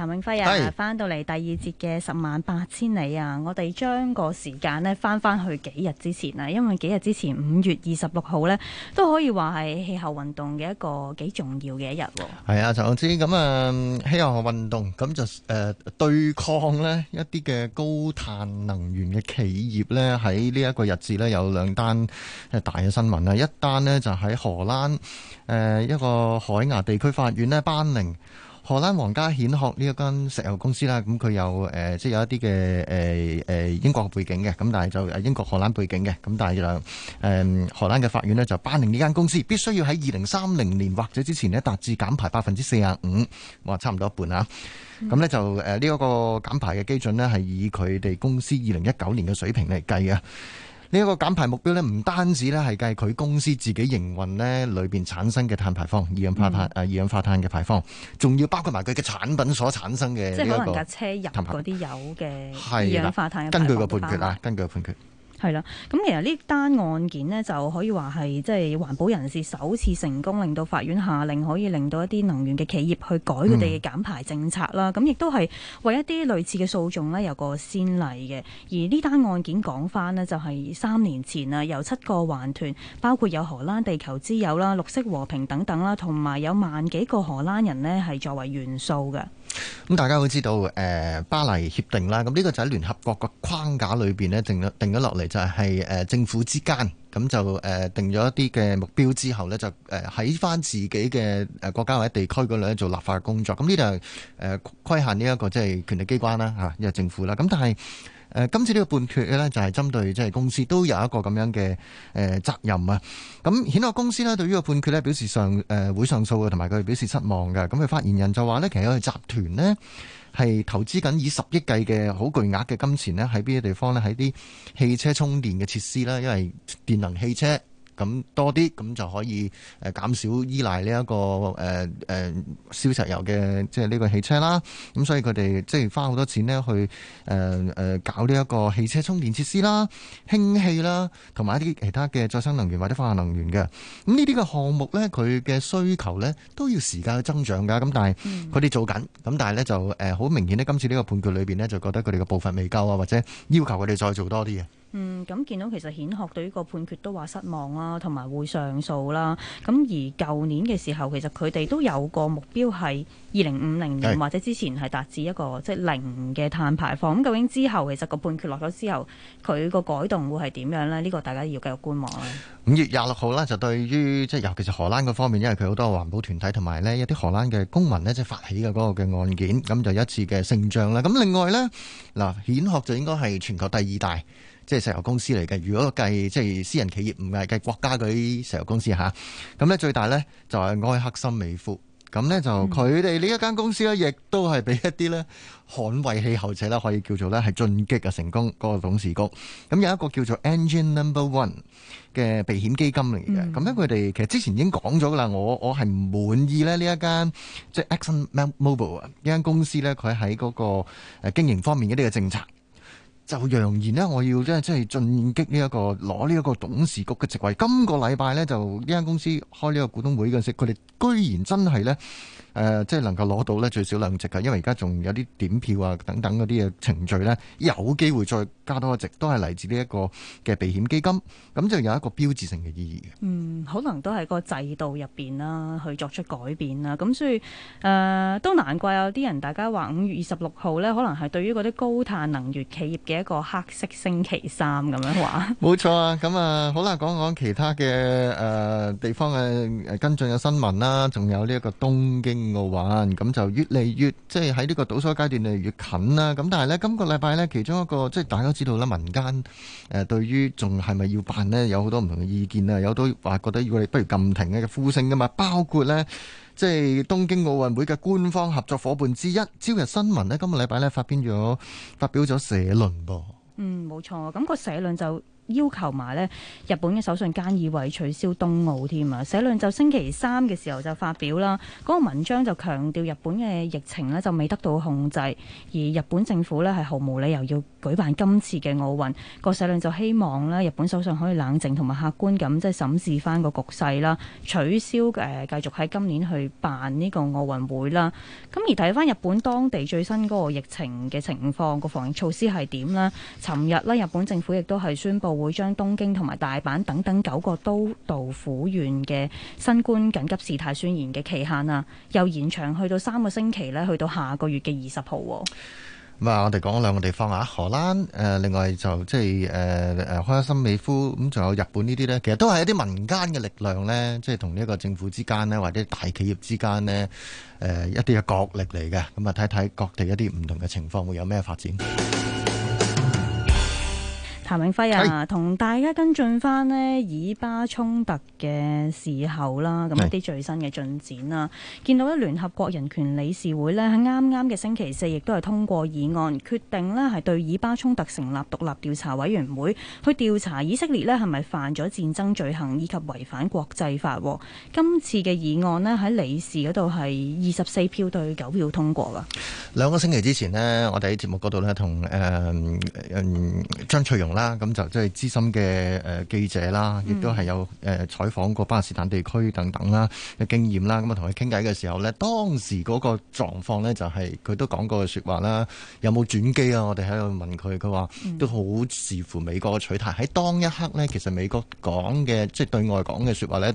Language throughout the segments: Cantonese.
陳永輝啊，翻到嚟第二節嘅十萬八千里啊！我哋將個時間呢翻翻去幾日之前啊，因為幾日之前五月二十六號呢，都可以話係氣候運動嘅一個幾重要嘅一日。係啊，陳老師咁啊，氣候運動咁就誒、呃、對抗呢一啲嘅高碳能源嘅企業呢。喺呢一個日子呢，有兩單誒大嘅新聞啊！一單呢就喺荷蘭誒、呃、一個海牙地區法院呢班寧。荷蘭皇家蜆殼呢一間石油公司啦，咁佢有誒，即係有一啲嘅誒誒英國背景嘅，咁但係就英國荷蘭背景嘅，咁但係就誒荷蘭嘅法院呢，就頒令呢間公司必須要喺二零三零年或者之前呢，達至減排百分之四十五，哇，差唔多一半啊！咁呢就誒呢一個減排嘅基準呢，係以佢哋公司二零一九年嘅水平嚟計啊。呢、這、一個減排目標咧，唔單止咧係計佢公司自己營運咧裏邊產生嘅碳排放、二氧化碳、誒二氧化碳嘅排放，仲、嗯、要包括埋佢嘅產品所產生嘅、這個。即係可能架車入嗰啲油嘅二氧化碳嘅排放。根據個判決啊，根據個判決根據係啦，咁其實呢單案件呢，就可以話係即係環保人士首次成功令到法院下令，可以令到一啲能源嘅企業去改佢哋嘅減排政策啦。咁亦都係為一啲類似嘅訴訟呢，有個先例嘅。而呢單案件講翻呢，就係三年前啊，由七個環團，包括有荷蘭地球之友啦、綠色和平等等啦，同埋有萬幾個荷蘭人呢係作為元素嘅。咁大家都知道，誒，巴黎協定啦，咁呢個就喺聯合國個框架裏邊呢定咗定咗落嚟，就係誒政府之間咁就誒定咗一啲嘅目標之後呢，就誒喺翻自己嘅誒國家或者地區嗰度呢做立法工作。咁呢度係誒規限呢、這、一個即係、就是、權力機關啦吓，即係政府啦。咁但係。誒、呃、今次呢個判決咧，就係針對即係公司都有一個咁樣嘅誒、呃、責任啊！咁蜆殼公司呢對於個判決呢表示上誒、呃、會上訴嘅，同埋佢表示失望嘅。咁、嗯、佢發言人就話呢，其實有個集團呢，係投資緊以十億計嘅好巨額嘅金錢呢，喺邊啲地方呢，喺啲汽車充電嘅設施啦，因為電能汽車。咁多啲，咁就可以誒減少依賴呢一個誒誒燒石油嘅，即係呢個汽車啦。咁所以佢哋即係花好多錢咧去誒誒搞呢一個汽車充電設施啦、氫氣啦，同埋一啲其他嘅再生能源或者化學能源嘅。咁呢啲嘅項目咧，佢嘅需求咧都要時間去增長噶。咁但係佢哋做緊，咁、嗯、但係咧就誒好明顯咧，今次呢個判決裏邊咧就覺得佢哋嘅部分未夠啊，或者要求佢哋再做多啲嘢。嗯，咁見到其實蜆殼對於個判決都話失望啦，同埋會上訴啦。咁而舊年嘅時候，其實佢哋都有個目標係二零五零年或者之前係達至一個即係零嘅碳排放。咁究竟之後其實個判決落咗之後，佢個改動會係點樣呢？呢個大家要繼續觀望啦。五月廿六號呢，就對於即尤其是荷蘭嗰方面，因為佢好多環保團體同埋呢一啲荷蘭嘅公民呢，即係發起嘅嗰個嘅案件，咁就一次嘅勝仗啦。咁另外呢，嗱，蜆殼就應該係全球第二大。即係石油公司嚟嘅，如果計即係私人企業，唔係計國家嗰啲石油公司下。咁咧最大咧就係埃克森美孚。咁咧就佢哋呢一間公司咧，亦都係俾一啲咧捍衞氣候者啦，可以叫做咧係進擊嘅成功嗰、嗰個董事局。咁有一個叫做 Engine Number One 嘅避險基金嚟嘅。咁咧佢哋其實之前已經講咗噶啦。我我係唔滿意咧呢一間即係 Exxon Mobil 啊，呢間公司咧佢喺嗰個誒經營方面一啲嘅政策。就揚言咧，我要即係即係進擊呢、這、一個攞呢一個董事局嘅席位。今個禮拜呢，就呢間公司開呢個股東會嘅時候，佢哋居然真係呢。誒、呃，即係能夠攞到咧最少兩隻嘅，因為而家仲有啲點票啊等等嗰啲嘅程序呢，有機會再加多一席，都係嚟自呢一個嘅避險基金，咁就有一個標誌性嘅意義嘅。嗯，可能都係個制度入邊啦，去作出改變啦。咁所以，誒、呃、都難怪有啲人大家話五月二十六號呢，可能係對於嗰啲高碳能源企業嘅一個黑色星期三咁樣話。冇錯啊，咁 啊好啦，講講其他嘅誒、呃、地方嘅、呃、跟進嘅新聞啦，仲有呢一個東京。奧運咁就越嚟越即係喺呢個倒數階段越嚟越近啦。咁但係呢，今個禮拜呢，其中一個即係大家知道啦，民間誒，對於仲係咪要辦呢，有好多唔同嘅意見啊。有都話覺得如果你不如禁停嘅呼聲噶嘛。包括呢，即係東京奧運會嘅官方合作夥伴之一朝日新聞呢，今個禮拜呢，發表咗發表咗社論噃。嗯，冇錯。咁個社論就。要求埋咧日本嘅首相菅義偉取消東奧添啊！社論就星期三嘅時候就發表啦，嗰、那個文章就強調日本嘅疫情咧就未得到控制，而日本政府咧係毫無理由要，舉辦今次嘅奧運，個社論就希望日本首相可以冷靜同埋客觀咁即係審視翻個局勢啦，取消繼、呃、繼續喺今年去辦呢個奧運會啦。咁而睇翻日本當地最新嗰個疫情嘅情況，個防疫措施係點呢？尋日呢，日本政府亦都係宣布會將東京同埋大阪等等九個都道府縣嘅新冠緊急事態宣言嘅期限啊，又延長去到三個星期呢，去到下個月嘅二十號。咁啊，我哋講兩個地方啊，荷蘭，誒、呃，另外就即係誒誒，開心美孚。咁仲有日本呢啲咧，其實都係一啲民間嘅力量咧，即係同呢一個政府之間咧，或者大企業之間咧，誒、呃，一啲嘅角力嚟嘅。咁啊，睇睇各地一啲唔同嘅情況會有咩發展。譚永輝啊，同大家跟進翻咧以巴衝突嘅時候啦，咁一啲最新嘅進展啦，見到咧聯合國人權理事會咧喺啱啱嘅星期四，亦都係通過議案，決定咧係對以巴衝突成立獨立調查委員會去調查以色列咧係咪犯咗戰爭罪行以及違反國際法。今次嘅議案咧喺理事嗰度係二十四票對九票通過噶。兩個星期之前咧，我哋喺節目嗰度咧同誒嗯張翠容啦。啦，咁就即係資深嘅誒記者啦，亦都係有誒採訪過巴勒斯坦地區等等啦嘅經驗啦。咁啊，同佢傾偈嘅時候咧，當時嗰個狀況咧，就係佢都講過嘅說話啦。有冇轉機啊？我哋喺度問佢，佢話都好視乎美國嘅取態。喺當一刻咧，其實美國講嘅即係對外講嘅說話咧。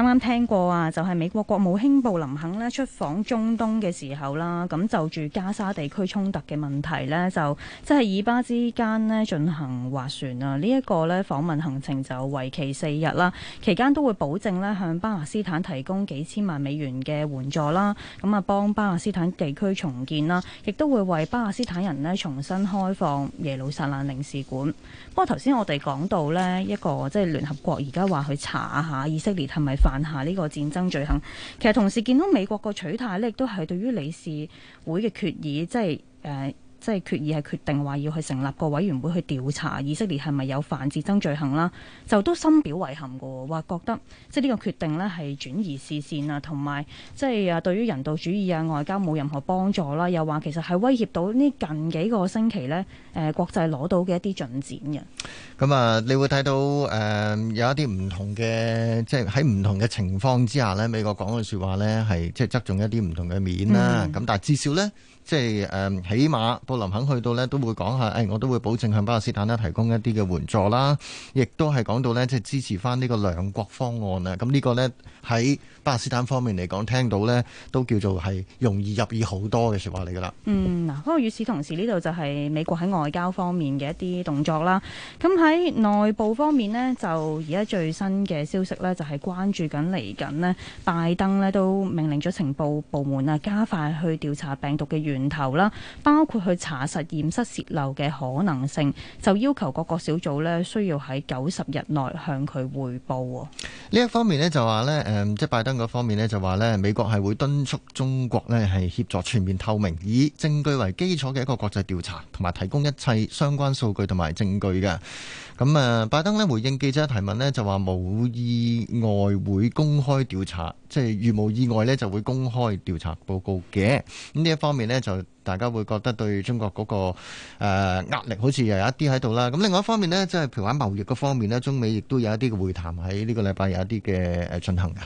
啱啱聽過啊，就係、是、美國國務卿布林肯咧出訪中東嘅時候啦，咁就住加沙地區衝突嘅問題呢，就即、是、係以巴之間咧進行斡旋啊。呢、這、一個咧訪問行程就為期四日啦，期間都會保證咧向巴勒斯坦提供幾千萬美元嘅援助啦，咁啊幫巴勒斯坦地區重建啦，亦都會為巴勒斯坦人咧重新開放耶路撒冷領事館。不過頭先我哋講到呢一個即係聯合國而家話去查一下以色列係咪犯下呢個戰爭罪行，其實同時見到美國嘅取態咧，亦都係對於理事會嘅決議，即係即係決議係決定話要去成立個委員會去調查以色列係咪有犯戰爭罪行啦，就都深表遺憾嘅，話覺得即係呢個決定呢係轉移視線啊，同埋即係啊對於人道主義啊外交冇任何幫助啦，又話其實係威脅到呢近幾個星期呢誒國際攞到嘅一啲進展嘅。咁、嗯、啊，你會睇到誒、呃、有一啲唔同嘅，即係喺唔同嘅情況之下呢，美國講嘅説話呢係即係側重一啲唔同嘅面啦。咁、嗯、但係至少呢，即係誒、呃、起碼。布林肯去到呢，都會講下，誒，我都會保證向巴勒斯坦呢提供一啲嘅援助啦，亦都係講到呢，即係支持翻呢個兩國方案啊。咁呢個呢喺。巴斯坦方面嚟講，聽到咧都叫做係容易入耳好多嘅說話嚟噶啦。嗯，嗱，不過與此同時，呢度就係美國喺外交方面嘅一啲動作啦。咁喺內部方面咧，就而家最新嘅消息咧，就係關注緊嚟緊咧，拜登咧都命令咗情報部門啊，加快去調查病毒嘅源頭啦，包括去查實驗室泄漏嘅可能性，就要求各個小組咧需要喺九十日內向佢匯報。呢一方面咧就話咧，誒、嗯、即係拜登。香港方面呢，就話呢美國係會敦促中國呢係協助全面透明，以證據為基礎嘅一個國際調查，同埋提供一切相關數據同埋證據嘅。咁、嗯、啊，拜登呢回應記者提問呢，就話冇意外會公開調查，即係如冇意外呢就會公開調查報告嘅。咁呢一方面呢，就大家會覺得對中國嗰個誒壓力好似又有一啲喺度啦。咁、嗯、另外一方面呢，即係譬如喺貿易嗰方面呢，中美亦都有一啲嘅會談喺呢個禮拜有一啲嘅誒進行嘅。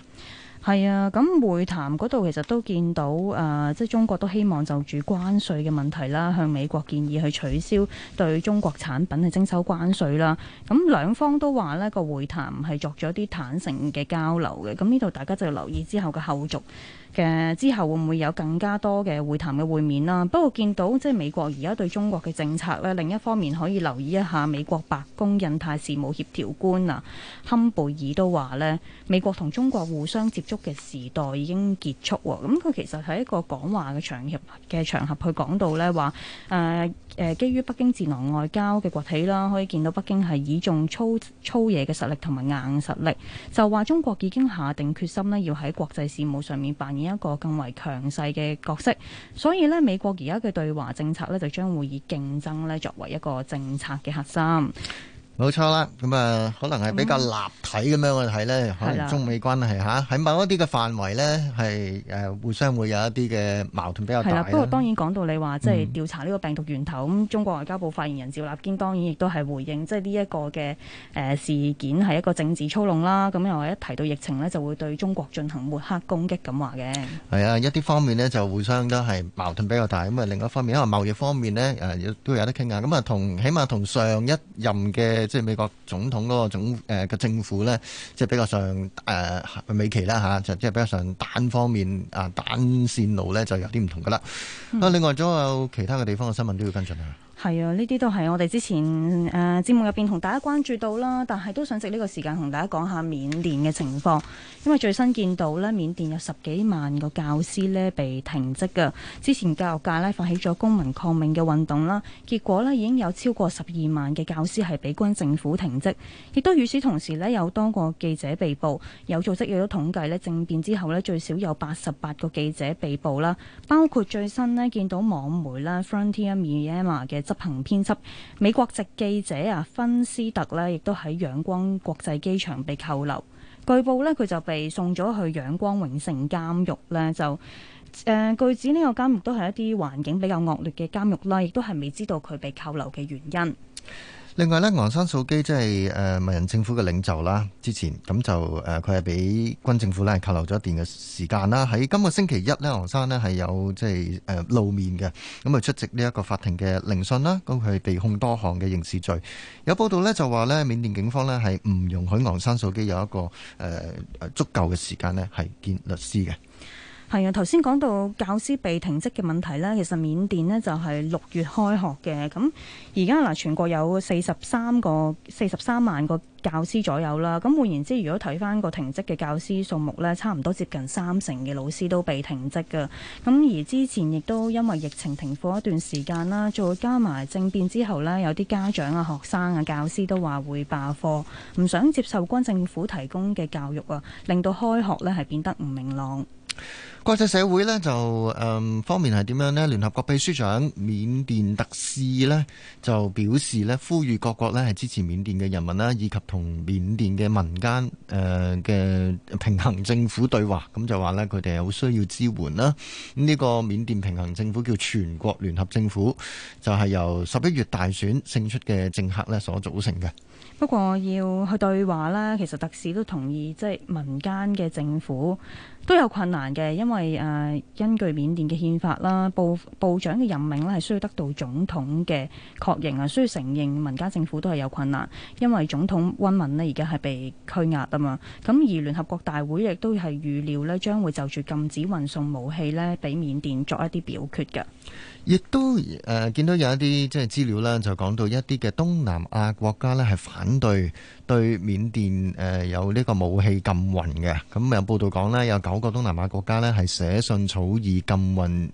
係啊，咁會談嗰度其實都見到誒、呃，即係中國都希望就住關稅嘅問題啦，向美國建議去取消對中國產品嘅徵收關稅啦。咁兩方都話呢個會談係作咗啲坦誠嘅交流嘅。咁呢度大家就留意之後嘅後續嘅，之後會唔會有更加多嘅會談嘅會面啦？不過見到即係美國而家對中國嘅政策呢，另一方面可以留意一下美國白宮印太事務協調官啊，坎貝爾都話呢，美國同中國互相接觸嘅時代已經結束，咁佢其實喺一個講話嘅場合嘅場合去講到呢，話，誒誒、呃，基於北京戰狼外交嘅崛起啦，可以見到北京係倚重粗粗野嘅實力同埋硬實力，就話中國已經下定決心呢要喺國際事務上面扮演一個更為強勢嘅角色，所以呢，美國而家嘅對華政策呢，就將會以競爭呢作為一個政策嘅核心。冇錯啦，咁、嗯、啊、嗯、可能係比較立體咁樣去睇呢，可能中美關係嚇喺某一啲嘅範圍呢，係誒互相會有一啲嘅矛盾比較大。不過當然講到你話即係調查呢個病毒源頭，咁、嗯、中國外交部發言人趙立堅當然亦都係回應，即係呢一個嘅誒事件係一個政治操弄啦。咁又話一提到疫情呢，就會對中國進行抹黑攻擊咁話嘅。係啊，一啲方面呢，就互相都係矛盾比較大。咁啊，另外一方面因為貿易方面咧誒亦都有得傾啊。咁啊，同起碼同上一任嘅。即係美國總統嗰個總嘅，呃，政府咧，即係比較上誒，呃，美企啦嚇，就，啊，即係比較上單方面啊單線路咧，就有啲唔同噶啦。啊、嗯，另外仲有其他嘅地方嘅新聞都要跟進啊。係啊，呢啲都係我哋之前誒節目入邊同大家關注到啦，但係都想藉呢個時間同大家講下緬甸嘅情況，因為最新見到呢，緬甸有十幾萬個教師呢被停職嘅。之前教育界呢發起咗公民抗命嘅運動啦，結果呢已經有超過十二萬嘅教師係被軍政府停職，亦都與此同時呢，有多個記者被捕。有組織又有統計呢，政變之後呢最少有八十八個記者被捕啦，包括最新呢見到網媒啦 Frontier Myanmar 嘅。執行編輯美國籍記者啊芬斯特咧，亦都喺仰光國際機場被扣留。據報咧，佢就被送咗去仰光永盛監獄咧，就誒、呃、據指呢個監獄都係一啲環境比較惡劣嘅監獄啦，亦都係未知道佢被扣留嘅原因。另外咧，昂山素姬即係誒，文人政府嘅領袖啦。之前咁就誒，佢係俾軍政府咧扣留咗一段嘅時間啦。喺今個星期一咧，昂山呢係有即係誒露面嘅，咁啊出席呢一個法庭嘅聆訊啦。咁佢係被控多項嘅刑事罪。有報道呢，就話呢，緬甸警方呢係唔容許昂山素姬有一個誒、呃、足夠嘅時間呢係見律師嘅。係啊，頭先講到教師被停職嘅問題呢，其實緬甸呢就係六月開學嘅。咁而家嗱，全國有四十三個四十三萬個教師左右啦。咁換言之，如果睇翻個停職嘅教師數目呢，差唔多接近三成嘅老師都被停職噶。咁而之前亦都因為疫情停課一段時間啦，再加埋政變之後呢，有啲家長啊、學生啊、教師都話會罷課，唔想接受軍政府提供嘅教育啊，令到開學呢係變得唔明朗。國際社會呢，就誒、嗯、方面係點樣呢？聯合國秘書長緬甸特使呢，就表示呢，呼籲各國呢係支持緬甸嘅人民啦，以及同緬甸嘅民間誒嘅平行政府對話。咁就話呢，佢哋係好需要支援啦。呢、嗯，這個緬甸平行政府叫全國聯合政府，就係、是、由十一月大選勝出嘅政客呢所組成嘅。不過要去對話啦，其實特使都同意，即係民間嘅政府。都有困難嘅，因為誒，根、呃、據緬甸嘅憲法啦，部部長嘅任命咧係需要得到總統嘅確認啊，需要承認。民間政府都係有困難，因為總統温敏呢而家係被拘押啊嘛。咁而聯合國大會亦都係預料咧將會就住禁止運送武器呢，俾緬甸作一啲表決嘅。亦都誒、呃，見到有一啲即係資料啦，就講到一啲嘅東南亞國家呢，係反對。對緬甸誒有呢個武器禁運嘅。咁有報道講呢，有九個東南亞國家呢係寫信草擬禁運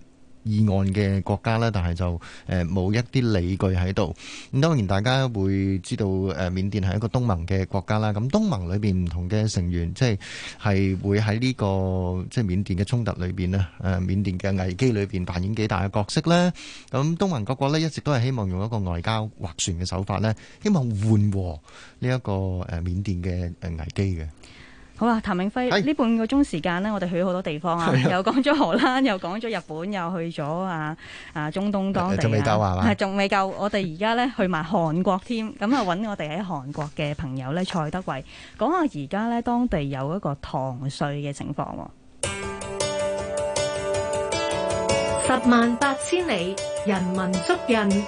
議案嘅國家咧，但係就誒冇一啲理據喺度。咁當然大家會知道誒，緬甸係一個東盟嘅國家啦。咁東盟裏邊唔同嘅成員，即係係會喺呢個即係緬甸嘅衝突裏邊咧，誒緬甸嘅危機裏邊扮演幾大嘅角色咧。咁東盟各國咧一直都係希望用一個外交斡旋嘅手法咧，希望緩和呢一個誒緬甸嘅誒危機嘅。好啊，譚永輝，呢半個鐘時，時間呢，我哋去好多地方啊，又講咗荷蘭，又講咗日本，又去咗啊啊中東當地仲未夠，我哋而家呢去埋韓國添，啊，咁啊揾，我哋喺韓國嘅朋友呢。 蔡德蕙講下而家呢當地有一個糖稅嘅情況喎，啊。十萬八千里，人文足印。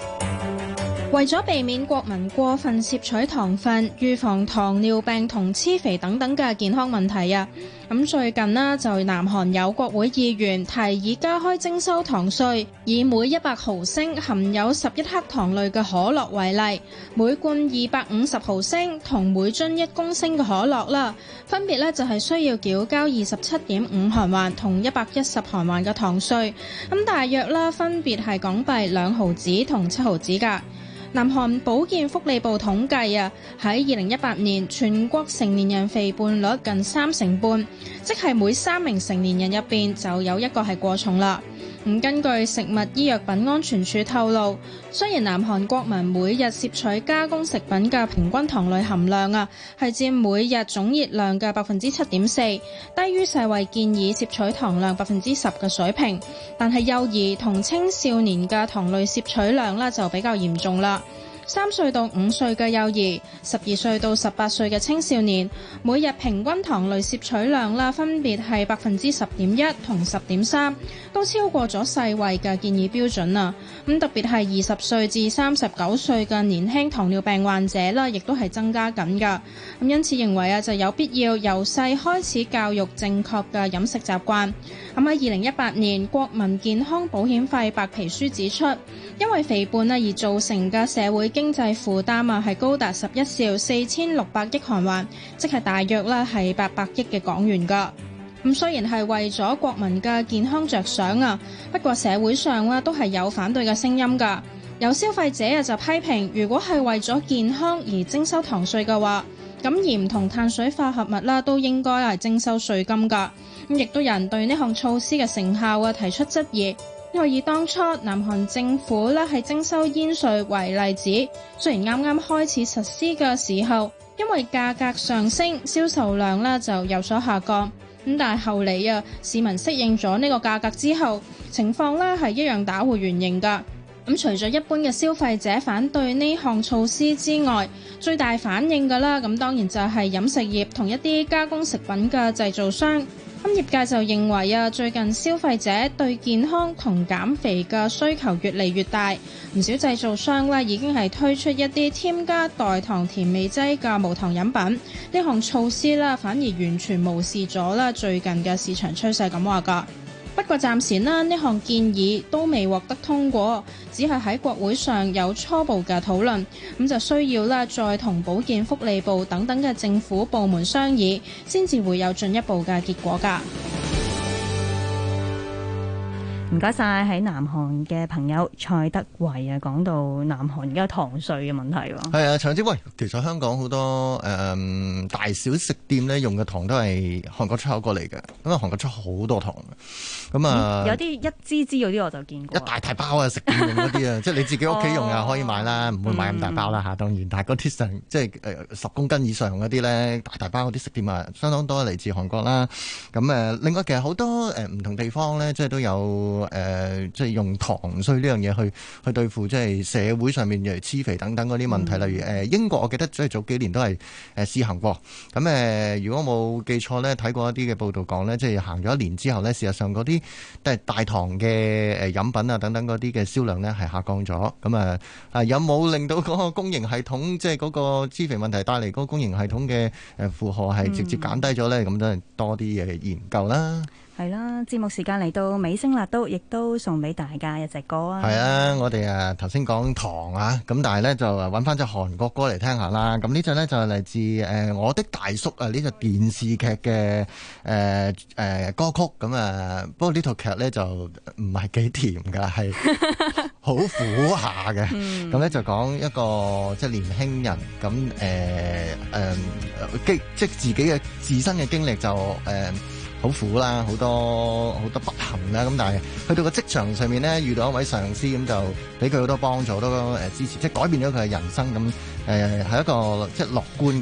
為咗避免國民過分攝取糖分，預防糖尿病同痴肥等等嘅健康問題啊，咁最近啦就南韓有國會議員提議加開徵收糖稅，以每一百毫升含有十一克糖類嘅可樂為例，每罐二百五十毫升同每樽一公升嘅可樂啦，分別咧就係需要繳交二十七點五韓圜同一百一十韓圜嘅糖稅，咁大約啦分別係港幣兩毫子同七毫子噶。南韓保健福利部統計啊，喺二零一八年全國成年人肥胖率近三成半，即係每三名成年人入邊就有一個係過重嘞。根據食物醫藥品安全處透露，雖然南韓國民每日攝取加工食品嘅平均糖類含量啊，係佔每日總熱量嘅百分之七點四，低於世衛建議攝取糖量百分之十嘅水平，但係幼兒同青少年嘅糖類攝取量呢就比較嚴重啦。三歲到五歲嘅幼兒，十二歲到十八歲嘅青少年，每日平均糖類攝取量啦，分別係百分之十點一同十點三，都超過咗世衛嘅建議標準啦。咁特別係二十歲至三十九歲嘅年輕糖尿病患者啦，亦都係增加緊噶。咁因此認為啊，就有必要由細開始教育正確嘅飲食習慣。咁喺二零一八年國民健康保險費白皮書指出，因為肥胖而造成嘅社會。經濟負擔啊，係高達十一兆四千六百億韓元，即係大約啦係八百億嘅港元㗎。咁雖然係為咗國民嘅健康着想啊，不過社會上咧都係有反對嘅聲音㗎。有消費者啊就批評，如果係為咗健康而徵收糖稅嘅話，咁鹽同碳水化合物啦都應該係徵收稅金㗎。咁亦都有人對呢項措施嘅成效啊提出質疑。可以當初南韓政府咧係徵收煙稅為例子，雖然啱啱開始實施嘅時候，因為價格上升，銷售量咧就有所下降。咁但係後嚟啊，市民適應咗呢個價格之後，情況咧係一樣打回原形噶。咁除咗一般嘅消費者反對呢項措施之外，最大反應噶啦，咁當然就係飲食業同一啲加工食品嘅製造商。今業界就認為啊，最近消費者對健康同減肥嘅需求越嚟越大，唔少製造商咧已經係推出一啲添加代糖甜味劑嘅無糖飲品，呢項措施咧反而完全無視咗啦最近嘅市場趨勢咁話㗎。不過暫時呢，呢項建議都未獲得通過，只係喺國會上有初步嘅討論，咁就需要啦再同保健福利部等等嘅政府部門商議，先至會有進一步嘅結果㗎。唔該晒，喺南韓嘅朋友蔡德蕙啊，講到南韓而家糖稅嘅問題喎。係啊，長子喂，其實在香港好多誒、嗯、大小食店咧用嘅糖都係韓國出口過嚟嘅，因為韓國出好多糖咁啊、嗯，有啲一支支嗰啲我就見過，一大大包啊，食店用嗰啲啊， 即係你自己屋企用呀可以買啦，唔、 哦、會買咁大包啦、啊、嚇。當然，但係啲上即係十公斤以上嗰啲咧，大大包嗰啲食店啊，相當多嚟自韓國啦。咁誒，另外其實好多誒唔、呃、同地方咧，即係都有。誒、呃，即係用糖稅呢樣嘢去去對付，即係社會上面嘅黐肥等等嗰啲問題，嗯、例如誒、呃、英國，我記得即係早幾年都係誒、呃、試行過。咁、呃、誒，如果我冇記錯咧，睇過一啲嘅報道講咧，即係行咗一年之後咧，事實上嗰啲即係大糖嘅誒飲品啊等等嗰啲嘅銷量咧係下降咗。咁、嗯、啊，有冇令到嗰個公營系統，即係嗰個黐肥問題帶嚟嗰個公營系統嘅誒負荷係直接減低咗咧？咁都係多啲嘢研究啦。係啦、啊，節目時間嚟到尾聲啦，都亦都送俾大家一隻歌啊！係啊，我哋啊頭先講糖啊，咁但係咧就揾翻隻韓國歌嚟聽下啦。咁呢隻咧就係嚟自誒、呃、我的大叔啊，呢隻電視劇嘅誒誒歌曲。咁啊，劇呢不過呢套劇咧就唔係幾甜噶，係好苦下嘅。咁咧就講一個、就是輕呃呃、即係年輕人咁誒誒經即自己嘅自身嘅經歷就誒。呃好苦啦，好多好多不幸啦，咁但係去到個職場上面咧，遇到一位上司咁就俾佢好多幫助，好多誒支持，即係改變咗佢嘅人生咁，誒係一個即係樂觀。